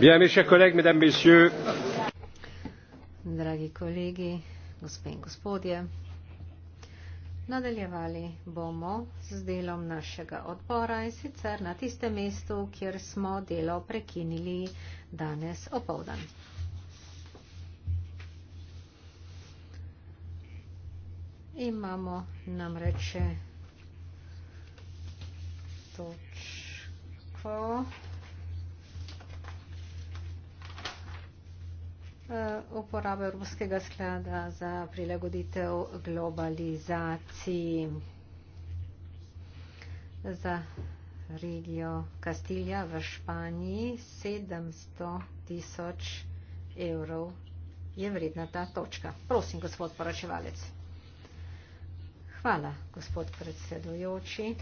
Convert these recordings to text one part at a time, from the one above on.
Bien, mes chers collègues, mesdames, messieurs. Dragi kolegi, gospe in gospodje, nadaljevali bomo z delom našega odbora in sicer na tistem mestu, kjer smo delo prekinili danes opovdan. Imamo namreč točko Eh, uporabe Evropskega sklada za prilagoditev globalizaciji za regijo Kastilja v Španiji 700 tisoč evrov je vredna ta točka. Prosim, gospod poročevalec. Hvala, gospod predsedujoči.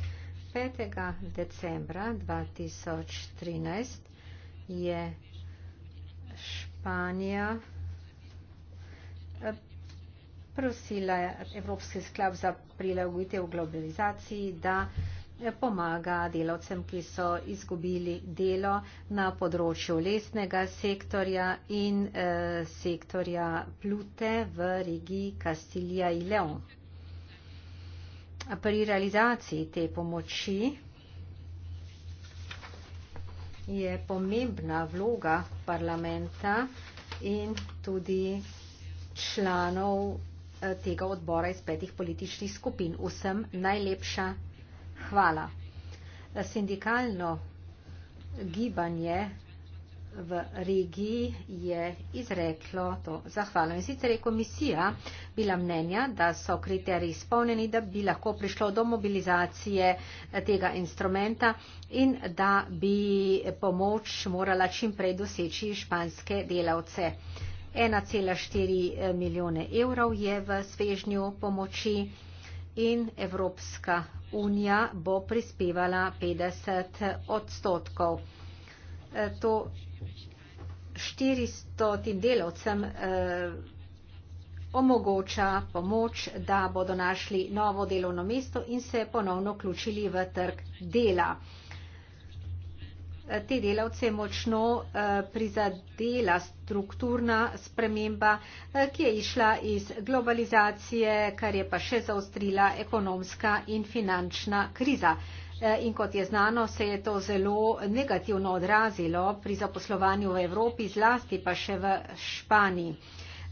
5. decembra 2013 je Španija eh, prosila Evropski sklep za prilagoditev globalizaciji, da eh, pomaga delavcem, ki so izgubili delo na področju lesnega sektorja in eh, sektorja Plute v regiji Kastilija in Leon. Pri realizaciji te pomoči je pomembna vloga parlamenta in tudi članov eh, tega odbora iz petih političnih skupin. Vsem najlepša hvala. Sindikalno gibanje v regiji je izreklo to zahvalo. In sicer je komisija bila mnenja, da so kriteriji izpolnjeni, da bi lahko prišlo do mobilizacije tega instrumenta in da bi pomoč morala čimprej doseči španske delavce. 1,4 eh, milijone evrov je v svežnju pomoči in Evropska unija bo prispevala 50 odstotkov. Eh, to 400 delovcem eh, omogoča pomoč, da bodo našli novo delovno mesto in se ponovno vključili v trg dela. Eh, te delavce je močno eh, prizadela strukturna sprememba, ki je išla iz globalizacije, kar je pa še zaostrila ekonomska in finančna kriza. Eh, in kot je znano, se je to zelo negativno odrazilo pri zaposlovanju v Evropi, zlasti pa še v Španiji.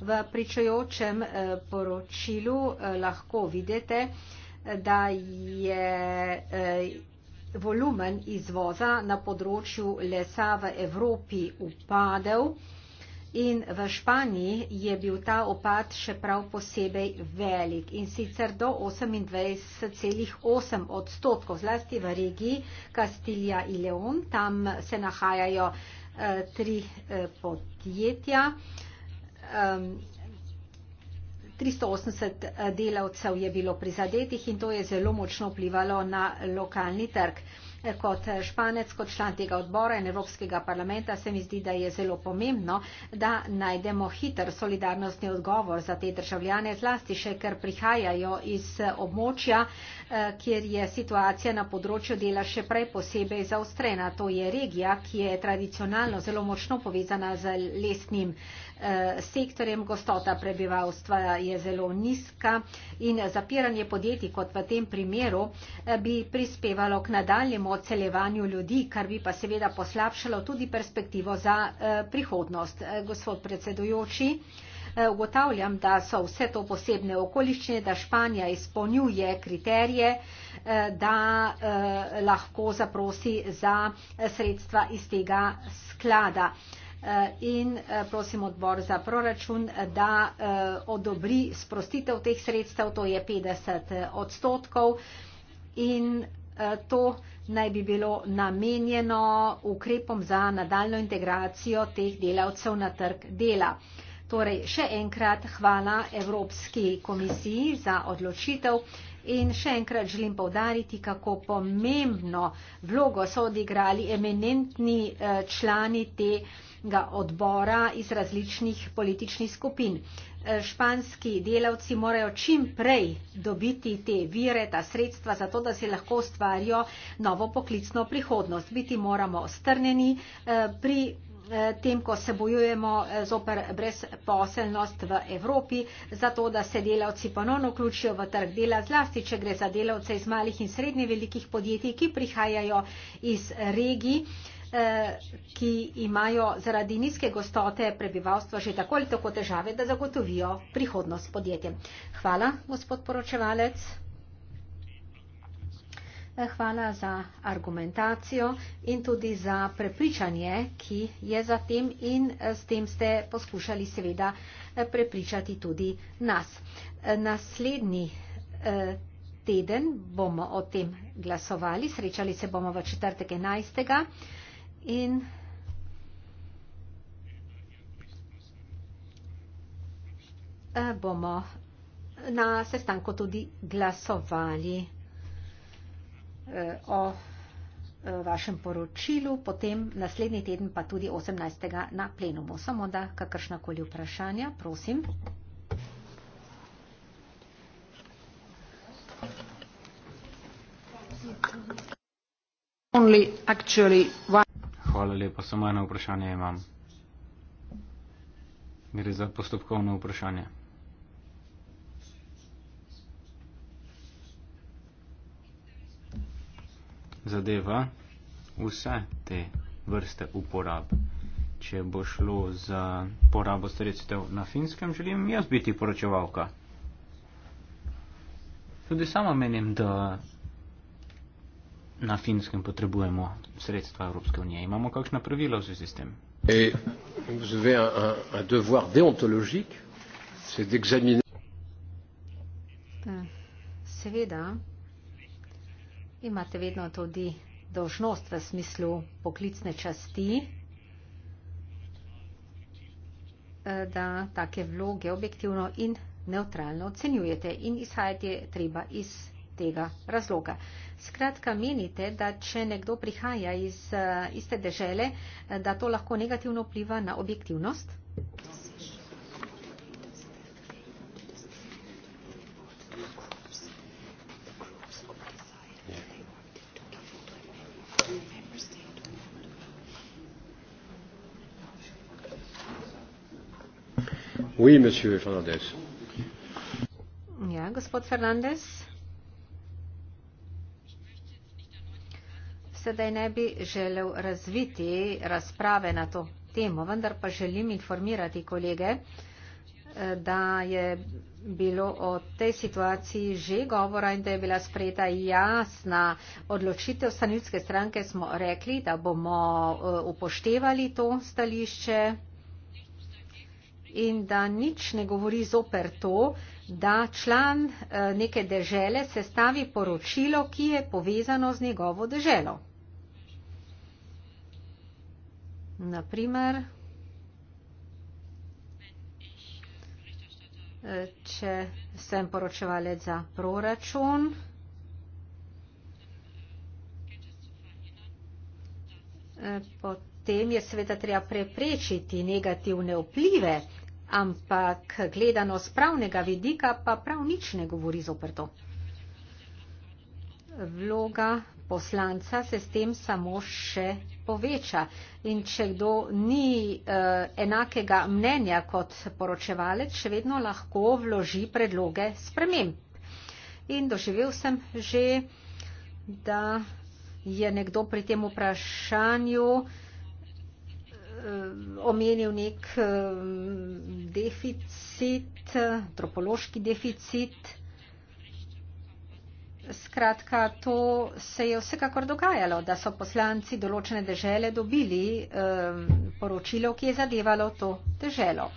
V pričajočem eh, poročilu eh, lahko vidite, da je volumen izvoza na področju lesa v Evropi upadel. In v Španiji je bil ta opad še prav posebej velik in sicer do 28,8 odstotkov, zlasti v regiji Kastilja in Leon. Tam se nahajajo eh, tri eh, podjetja. Um, ehm, 380 eh, delavcev je bilo prizadetih in to je zelo močno vplivalo na lokalni trg. Um, kot španec, kot član tega odbora in Evropskega parlamenta se mi zdi, da je zelo pomembno, da najdemo hiter solidarnostni odgovor za te državljane, zlasti še, ker prihajajo iz območja, eh, kjer je situacija na področju dela še prej posebej zaostrena. To je regija, ki je tradicionalno zelo močno povezana z lesnim Eh, sektorjem. Gostota prebivalstva je zelo nizka in zapiranje podjetij, kot v tem primeru, eh, bi prispevalo k nadaljemu odseljevanju ljudi, kar bi pa seveda poslabšalo tudi perspektivo za eh, prihodnost. Gospod predsedujoči, ugotavljam, da so vse to posebne okoliščine, da Španija izpolnjuje kriterije, da lahko zaprosi za sredstva iz tega sklada. Eh, in eh, prosim odbor za proračun, da eh, odobri sprostitev teh sredstev, to je 50 odstotkov in to naj bi bilo namenjeno ukrepom za nadaljno integracijo teh delavcev na trg dela. Torej, še enkrat hvala Evropski komisiji za odločitev in še enkrat želim povdariti, kako pomembno vlogo so odigrali eminentni člani te komisije delovnega odbora iz različnih političnih skupin. E, španski delavci morajo čim prej dobiti te vire, ta sredstva, zato da si lahko ustvarijo novo poklicno prihodnost. Biti moramo strneni e, pri e, tem, ko se bojujemo zoper brezposelnost v Evropi, zato da se delavci ponovno vključijo v trg dela, zlasti, če gre za delavce iz malih in srednje velikih podjetij, ki prihajajo iz regij, Eh, ki imajo zaradi nizke gostote prebivalstva že tako ali tako težave, da zagotovijo prihodnost podjetjem. Hvala, gospod poročevalec. Eh, hvala za argumentacijo in tudi za prepričanje, ki je za tem in eh, s tem ste poskušali seveda prepričati tudi nas. Naslednji teden bomo o tem glasovali, srečali se bomo v četrtek 11. In eh, bomo na sestanku tudi glasovali eh, o eh, vašem poročilu, potem naslednji teden pa tudi 18. na plenumu. Samo da kakršnakoli vprašanja, prosim. Only actually one. Hvala lepa. Samo eno vprašanje imam. Gre za postopkovno vprašanje. Zadeva vse te vrste uporab. Če bo šlo za porabo sredstev na finskem, želim jaz biti poročevalka. Tudi sama menim, da na finskem potrebujemo sredstva Evropske unije. Imamo kakšna pravila v zvezi s tem? Eh, seveda imate vedno tudi dožnost v smislu poklicne časti, eh, da take vloge objektivno in neutralno ocenjujete in izhajati treba iz tega razloga. Skratka, menite, da če nekdo prihaja iz uh, iste dežele, eh, da to lahko negativno vpliva na objektivnost? Oui, monsieur Fernandez. Ja, gospod Fernandez. sedaj ne bi želel razviti razprave na to temo, vendar pa želim informirati kolege, eh, da je bilo o tej situaciji že govora in da je bila sprejeta jasna odločitev stanovitske stranke, smo rekli, da bomo eh, upoštevali to stališče in da nič ne govori zoper to, da član eh, neke dežele sestavi poročilo, ki je povezano z njegovo deželo. Na primer, eh, če sem poročevalec za proračun, eh, potem je sveda treba preprečiti negativne vplive, ampak gledano z pravnega vidika pa prav nič ne govori zoper to. Vloga poslanca se s tem samo še poveča. In če kdo ni eh, enakega mnenja kot poročevalec, še vedno lahko vloži predloge sprememb. In doživel sem že, da je nekdo pri tem vprašanju eh, omenil nek eh, deficit, antropološki deficit. Eh, Skratka, to se je vsekakor dogajalo, da so poslanci določene dežele dobili um, poročilo, ki je zadevalo to deželo.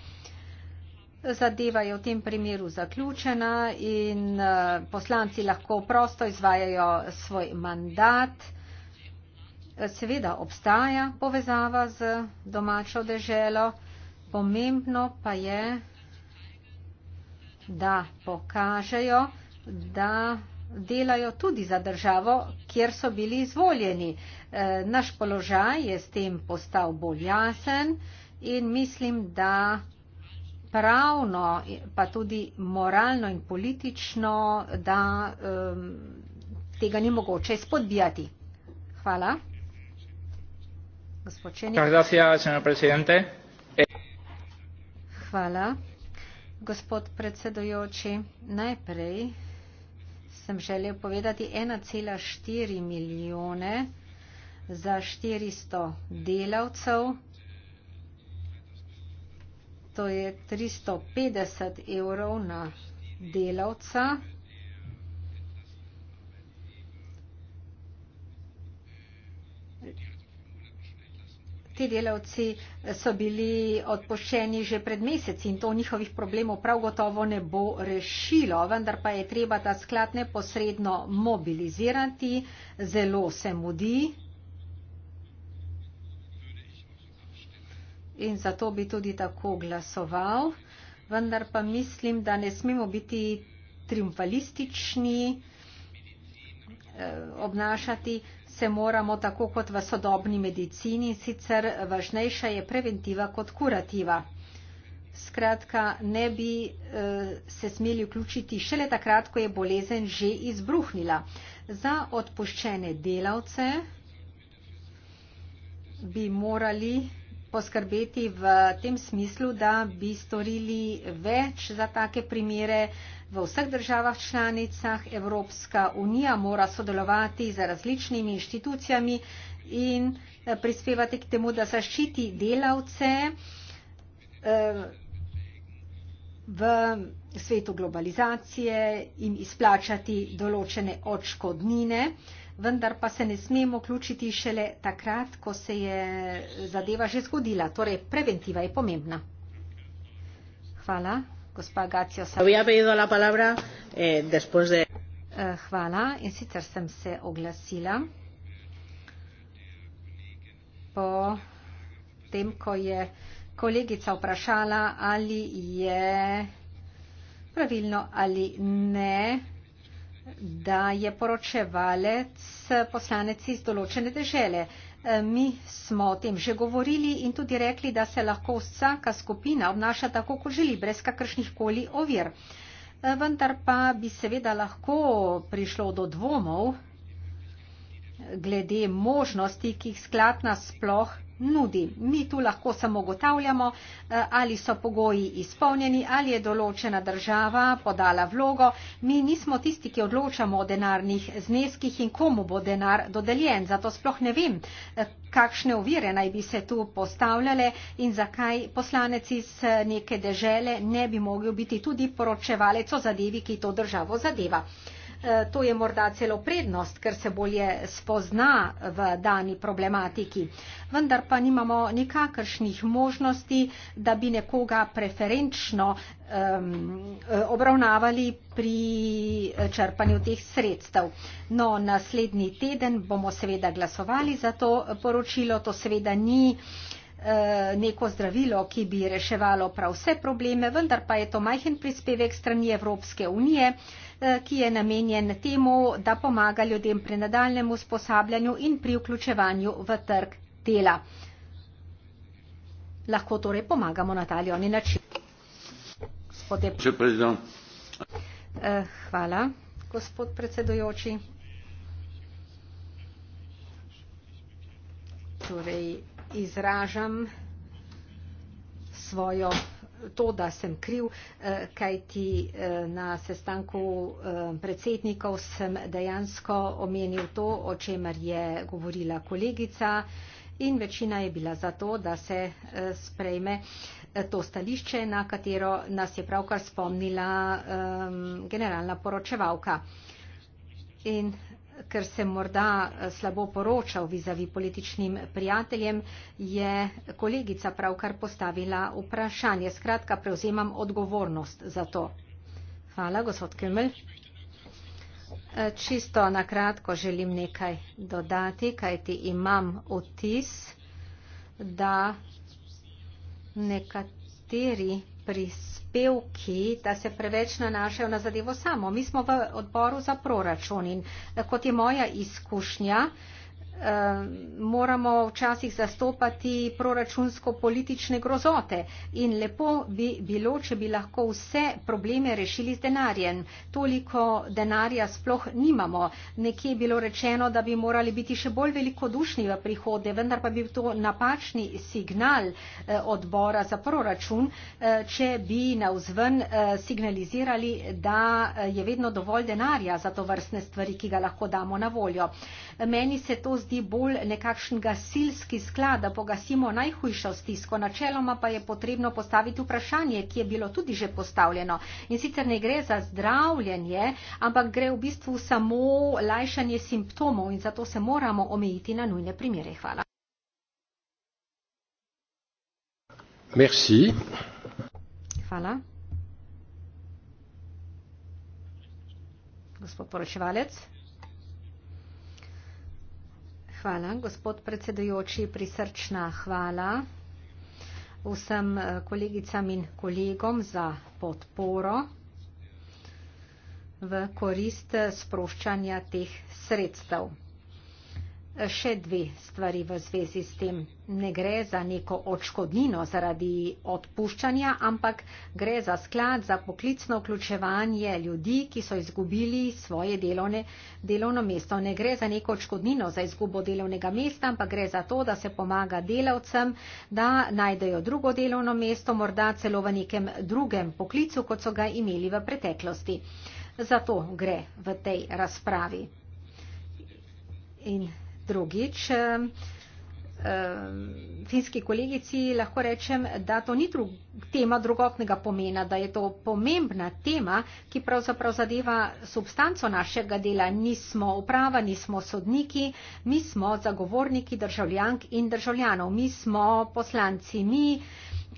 Zadeva je v tem primeru zaključena in uh, poslanci lahko prosto izvajajo svoj mandat. Seveda obstaja povezava z domačo deželo, pomembno pa je, da pokažejo, da delajo tudi za državo, kjer so bili izvoljeni. E, naš položaj je s tem postal bolj jasen in mislim, da pravno, pa tudi moralno in politično, da um, tega ni mogoče spodbijati. Hvala. Hvala, gospod predsedujoči. Najprej sem želel povedati 1,4 milijone za 400 delavcev. To je 350 evrov na delavca. Ti delavci so bili odpoščeni že pred meseci in to njihovih problemov prav gotovo ne bo rešilo, vendar pa je treba ta sklad neposredno mobilizirati, zelo se mudi. In zato bi tudi tako glasoval, vendar pa mislim, da ne smemo biti triumfalistični, eh, obnašati, se moramo tako kot v sodobni medicini, sicer važnejša je preventiva kot kurativa. Skratka, ne bi eh, se smeli vključiti šele takrat, ko je bolezen že izbruhnila. Za odpuščene delavce bi morali poskrbeti v tem smislu, da bi storili več za take primere, V vseh državah članicah Evropska unija mora sodelovati z različnimi inštitucijami in eh, prispevati k temu, da zaščiti delavce eh, v svetu globalizacije in izplačati določene očkodnine, vendar pa se ne smemo vključiti šele takrat, ko se je eh, zadeva že zgodila. Torej, preventiva je pomembna. Hvala. Había pedido la palabra eh, después de. Eh, hvala. In sicer sem se oglasila po tem, ko je kolegica vprašala, ali je pravilno ali ne da je poročevalec poslanec iz določene dežele. E, mi smo o tem že govorili in tudi rekli, da se lahko vsaka skupina obnaša tako, kot želi, brez kakršnih koli ovir. E, vendar pa bi seveda lahko prišlo do dvomov glede možnosti, ki jih sklad nasploh nudi. Mi tu lahko samo ugotavljamo, eh, ali so pogoji izpolnjeni, ali je določena država podala vlogo. Mi nismo tisti, ki odločamo o denarnih zneskih in komu bo denar dodeljen. Zato sploh ne vem, eh, kakšne ovire naj bi se tu postavljale in zakaj poslanec iz eh, neke dežele ne bi mogel biti tudi poročevalec o zadevi, ki to državo zadeva. Eh, to je morda celo prednost, ker se bolje spozna v dani problematiki. Vendar pa nimamo nikakršnih možnosti, da bi nekoga preferenčno um, obravnavali pri eh, črpanju teh sredstev. No, naslednji teden bomo seveda glasovali za to poročilo. To seveda ni neko zdravilo, ki bi reševalo prav vse probleme, vendar pa je to majhen prispevek strani Evropske unije, Eh, ki je namenjen temu, da pomaga ljudem pri nadaljnemu sposabljanju in pri vključevanju v trg dela. Lahko torej pomagamo na ta ljoni način. Gospode... Eh, hvala, gospod predsedujoči. Torej, izražam svojo to, da sem kriv, eh, kaj ti eh, na sestanku eh, predsednikov sem dejansko omenil to, o čemer je govorila kolegica in večina je bila za to, da se sprejme to stališče, na katero nas je pravkar spomnila generalna poročevalka. In ker se morda eh, slabo poročal vizavi političnim prijateljem, je kolegica pravkar postavila vprašanje. Skratka, prevzemam odgovornost za to. Hvala, gospod Kemel. Eh, čisto na kratko želim nekaj dodati, kajti imam vtis, da nekateri pris prispevki, da se preveč nanašajo na zadevo samo. Mi smo v odboru za proračun in eh, kot je moja izkušnja, uh, Eh, moramo včasih zastopati proračunsko-politične grozote in lepo bi bilo, če bi lahko vse probleme rešili z denarjem. Toliko denarja sploh nimamo. Nekje je bilo rečeno, da bi morali biti še bolj velikodušni v prihode, vendar pa bi bil to napačni signal eh, odbora za proračun, eh, če bi na vzven signalizirali, da je vedno dovolj denarja za to vrstne stvari, ki ga lahko damo na voljo. Meni se to zdi, zdi bolj nekakšen gasilski sklad, da pogasimo najhujšo stisko. Načeloma pa je potrebno postaviti vprašanje, ki je bilo tudi že postavljeno. In sicer ne gre za zdravljenje, ampak gre v bistvu samo lajšanje simptomov in zato se moramo omejiti na nujne primere. Hvala. Merci. Hvala. Gospod poročevalec. Hvala, gospod predsedujoči, prisrčna hvala vsem eh, kolegicam in kolegom za podporo v korist eh, sproščanja teh sredstev še dve stvari v zvezi s tem. Ne gre za neko očkodnino zaradi odpuščanja, ampak gre za sklad za poklicno vključevanje ljudi, ki so izgubili svoje delovne, delovno mesto. Ne gre za neko očkodnino za izgubo delovnega mesta, ampak gre za to, da se pomaga delavcem, da najdejo drugo delovno mesto, morda celo v nekem drugem poklicu, kot so ga imeli v preteklosti. Zato gre v tej razpravi. In drugič. Eh, eh, finski kolegici lahko rečem, da to ni drug, tema drugotnega pomena, da je to pomembna tema, ki pravzaprav zadeva substanco našega dela. Nismo uprava, nismo sodniki, mi smo zagovorniki državljank in državljanov, mi smo poslanci, mi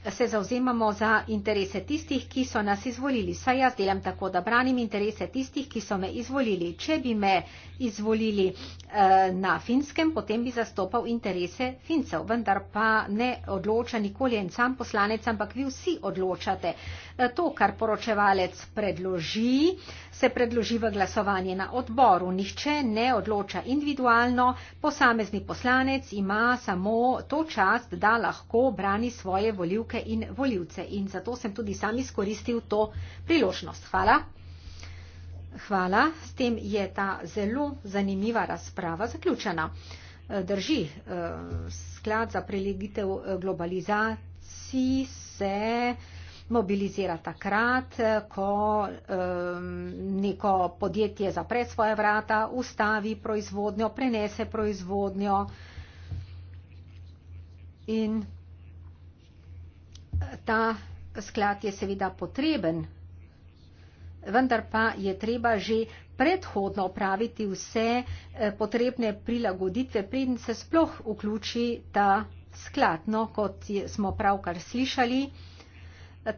se zauzemamo za interese tistih, ki so nas izvolili. Saj jaz delam tako, da branim interese tistih, ki so me izvolili. Če bi me izvolili eh, na finskem, potem bi zastopal interese fincev. Vendar pa ne odloča nikoli en sam poslanec, ampak vi vsi odločate. Eh, to, kar poročevalec predloži, se predloži v glasovanje na odboru. Nihče ne odloča individualno. Posamezni poslanec ima samo to čast, da lahko brani svoje volivke volivke in volivce. In zato sem tudi sam izkoristil to priložnost. Hvala. Hvala. S tem je ta zelo zanimiva razprava zaključena. Eh, drži, eh, sklad za prelegitev eh, globalizaciji se mobilizira takrat, ko ehm, neko podjetje zapre svoje vrata, ustavi proizvodnjo, prenese proizvodnjo in ta sklad je seveda potreben, vendar pa je treba že predhodno opraviti vse eh, potrebne prilagoditve, preden se sploh vključi ta sklad. No, kot smo pravkar slišali,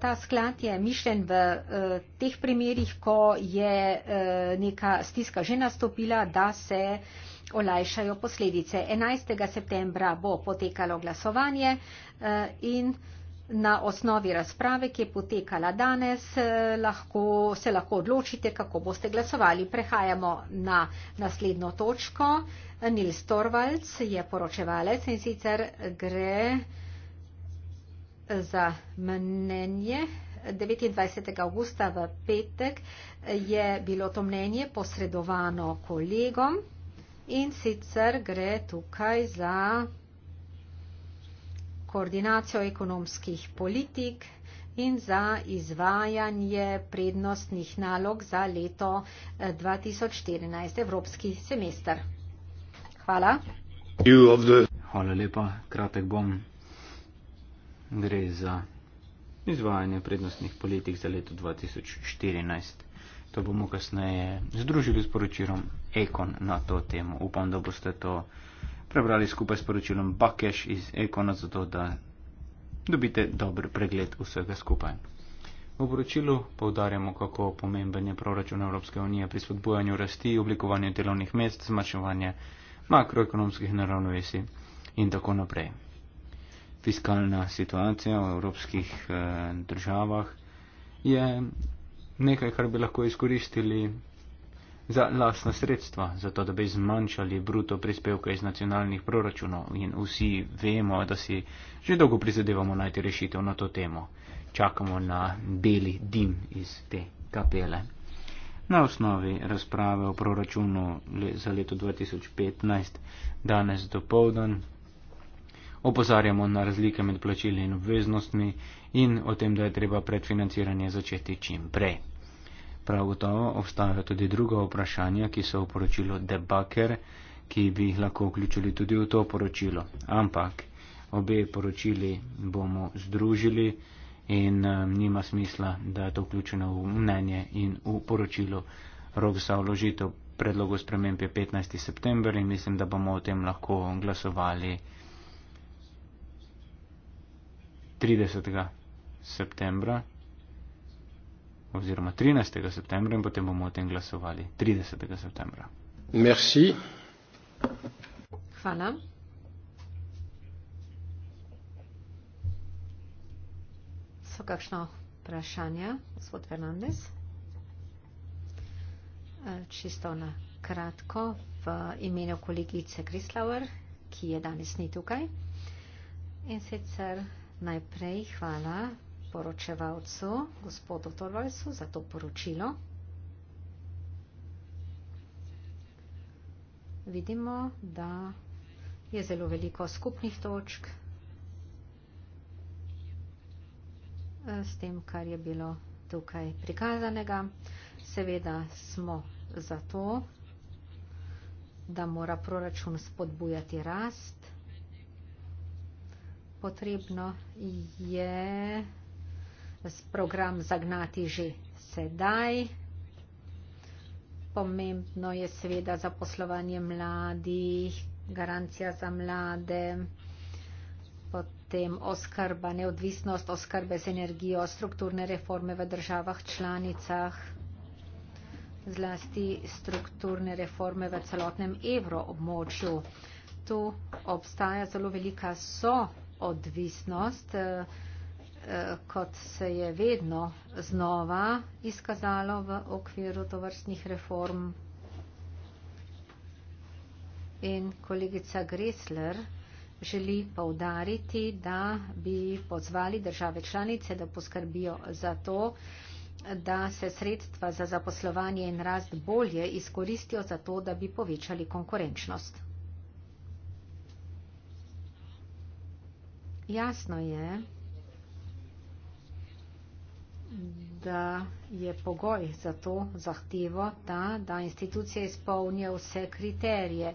ta sklad je mišljen v eh, teh primerjih, ko je eh, neka stiska že nastopila, da se olajšajo posledice. 11. septembra bo potekalo glasovanje in na osnovi razprave, ki je potekala danes, lahko, se lahko odločite, kako boste glasovali. Prehajamo na naslednjo točko. Nils Torvalds je poročevalec in sicer gre za mnenje. 29. augusta v petek je bilo to mnenje posredovano kolegom in sicer gre tukaj za koordinacijo ekonomskih politik in za izvajanje prednostnih nalog za leto 2014 eh, evropski semester. Hvala. Hvala lepa, kratek bom. Gre za izvajanje prednostnih politik za leto 2014. To bomo kasneje združili s poročilom Ekon na to temo. Upam, da boste to uh, prebrali skupaj s poročilom Bakeš iz Ekona, zato da dobite dober pregled vsega skupaj. V poročilu povdarjamo, kako pomemben je proračun Evropske unije pri spodbujanju rasti, oblikovanju delovnih mest, zmanjševanju makroekonomskih naravnovesi in tako naprej. Fiskalna situacija v evropskih eh, državah je nekaj, kar bi lahko izkoristili za lasna sredstva, zato da bi zmanjšali bruto prispevke iz nacionalnih proračunov in vsi vemo, da si že dolgo prizadevamo najti rešitev na to temo. Čakamo na beli dim iz te kapele. Na osnovi razprave o proračunu za leto 2015 danes dopovdan opozarjamo na razlike med plačili in obveznostmi in o tem, da je treba predfinanciranje začeti čim prej. Prav gotovo obstajajo tudi druga vprašanja, ki so v poročilu debaker, ki bi jih lahko vključili tudi v to poročilo. Ampak obe poročili bomo združili in um, nima smisla, da je to vključeno v mnenje in v poročilo. Rok za vložitev predlogov sprememb je 15. september in mislim, da bomo o tem lahko glasovali 30. septembra oziroma 13. septembra in potem bomo o tem glasovali 30. septembra. Merci. Hvala. So kakšno vprašanje, gospod Fernandez? Eh, čisto na kratko v imenu kolegice Krislauer, ki je danes ni tukaj. In sicer najprej hvala poročevalcu, gospodu Torvalcu, za to poročilo. Vidimo, da je zelo veliko skupnih točk eh, s tem, kar je bilo tukaj prikazanega. Seveda smo za to, da mora proračun spodbujati rast. Potrebno je program zagnati že sedaj. Pomembno je seveda zaposlovanje mladih, garancija za mlade, potem oskrba, neodvisnost oskrbe z energijo, strukturne reforme v državah članicah, zlasti strukturne reforme v celotnem evroobmočju. Tu obstaja zelo velika soodvisnost. odvisnost eh, Eh, kot se je vedno znova izkazalo v okviru tovrstnih reform. In kolegica Gresler želi povdariti, da bi pozvali države članice, da poskrbijo za to, da se sredstva za zaposlovanje in rast bolje izkoristijo za to, da bi povečali konkurenčnost. Jasno je, da je pogoj za to zahtevo ta, da institucije izpolnijo vse kriterije,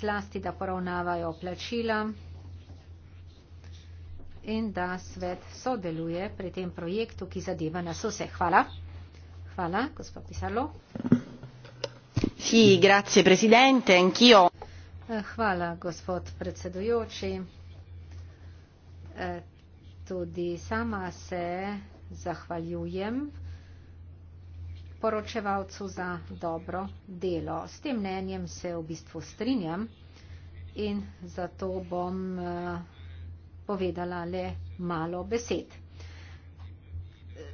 zlasti da poravnavajo plačila in da svet sodeluje pri tem projektu, ki zadeva nas vse. Hvala. Hvala, gospod Pisarlo. Sì, grazie presidente, anch'io. Eh, hvala, gospod predsedujoči. Eh, tudi sama se zahvaljujem poročevalcu za dobro delo. S tem mnenjem se v bistvu strinjam in zato bom eh, povedala le malo besed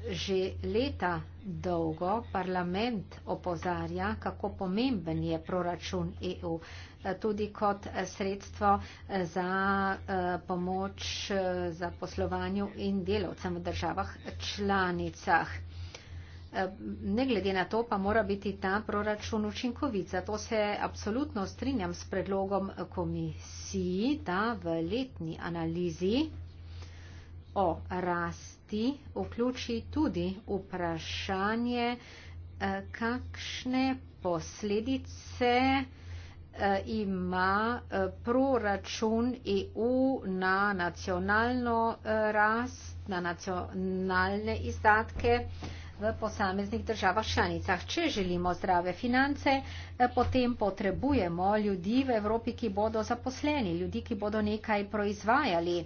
že leta dolgo parlament opozarja, kako pomemben je proračun EU, eh, tudi kot sredstvo eh, za eh, pomoč za poslovanju in delovcem v državah članicah. Ne glede na to pa mora biti ta proračun učinkovit. Zato se absolutno strinjam s predlogom komisiji, da v letni analizi o rasti hkrati vključi tudi vprašanje, eh, kakšne posledice eh, ima eh, proračun EU na nacionalno rast, na nacionalne izdatke v posameznih državah članicah. Če želimo zdrave finance, potem potrebujemo ljudi v Evropi, ki bodo zaposleni, ljudi, ki bodo nekaj proizvajali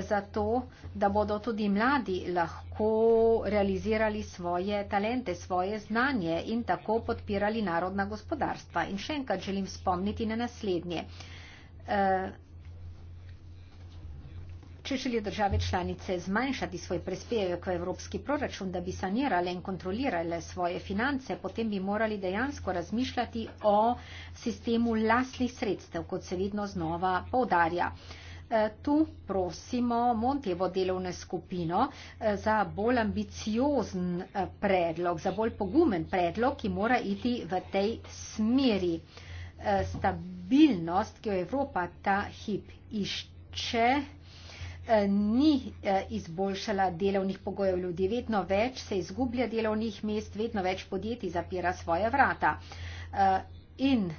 zato, da bodo tudi mladi lahko realizirali svoje talente, svoje znanje in tako podpirali narodna gospodarstva. In še enkrat želim spomniti na naslednje. Eh, če želijo države članice zmanjšati svoj prispevek v evropski proračun, da bi sanirale in kontrolirale svoje finance, potem bi morali dejansko razmišljati o sistemu lastnih sredstev, kot se vidno znova povdarja. Uh, Eh, tu prosimo Montevo delovno skupino eh, za bolj ambiciozen eh, predlog, za bolj pogumen predlog, ki mora iti v tej smeri. Stabilnost, ki jo Evropa ta hip išče, ni izboljšala delovnih pogojev ljudi. Vedno več se izgublja delovnih mest, vedno več podjetij zapira svoje vrata. In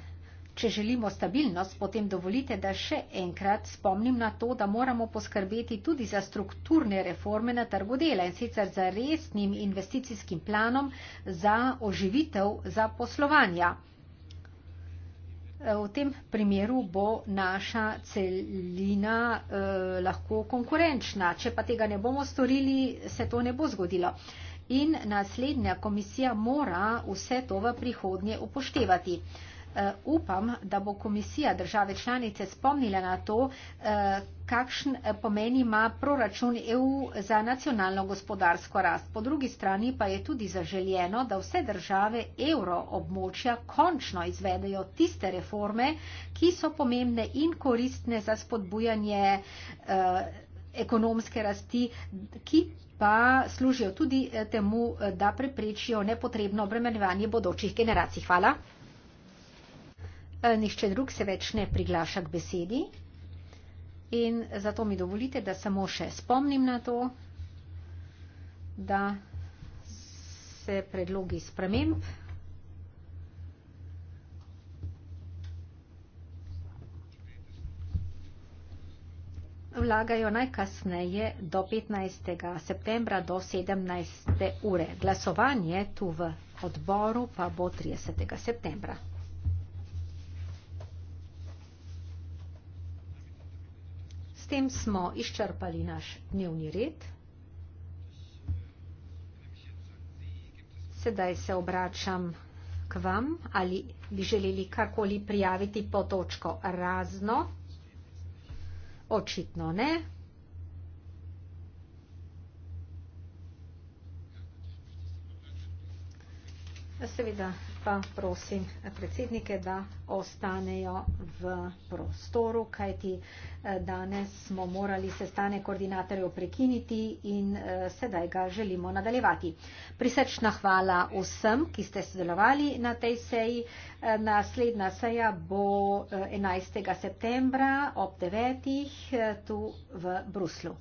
Če želimo stabilnost, potem dovolite, da še enkrat spomnim na to, da moramo poskrbeti tudi za strukturne reforme na trgu dela in sicer za resnim investicijskim planom za oživitev za poslovanja. V tem primeru bo naša celina eh, lahko konkurenčna. Če pa tega ne bomo storili, se to ne bo zgodilo. In naslednja komisija mora vse to v prihodnje upoštevati. Eh, Eh, upam, da bo komisija države članice spomnila na to, eh, kakšen eh, pomen ima proračun EU za nacionalno gospodarsko rast. Po drugi strani pa je tudi zaželjeno, da vse države euroobmočja končno izvedejo tiste reforme, ki so pomembne in koristne za spodbujanje ekonomske rasti, ki pa služijo tudi temu, da preprečijo nepotrebno obremenjevanje bodočih generacij. Hvala. Eh, nihče drug se več ne priglaša k besedi in zato mi dovolite, da samo še spomnim na to, da se predlogi sprememb vlagajo najkasneje do 15. septembra do 17. ure. Glasovanje tu v odboru pa bo 30. septembra. tem smo izčrpali naš dnevni red. Sedaj se obračam k vam, ali bi želeli karkoli prijaviti po točko razno. Očitno ne. Seveda pa prosim predsednike, da ostanejo v prostoru, kajti eh, danes smo morali sestane koordinatorjev prekiniti in eh, sedaj ga želimo nadaljevati. Prisrčna hvala vsem, ki ste sodelovali na tej seji. Eh, naslednja seja bo 11. septembra ob 9. tu v Bruslu.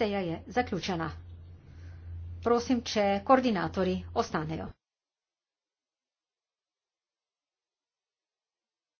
Seja je zaključena. Prosim, če koordinatori ostanejo.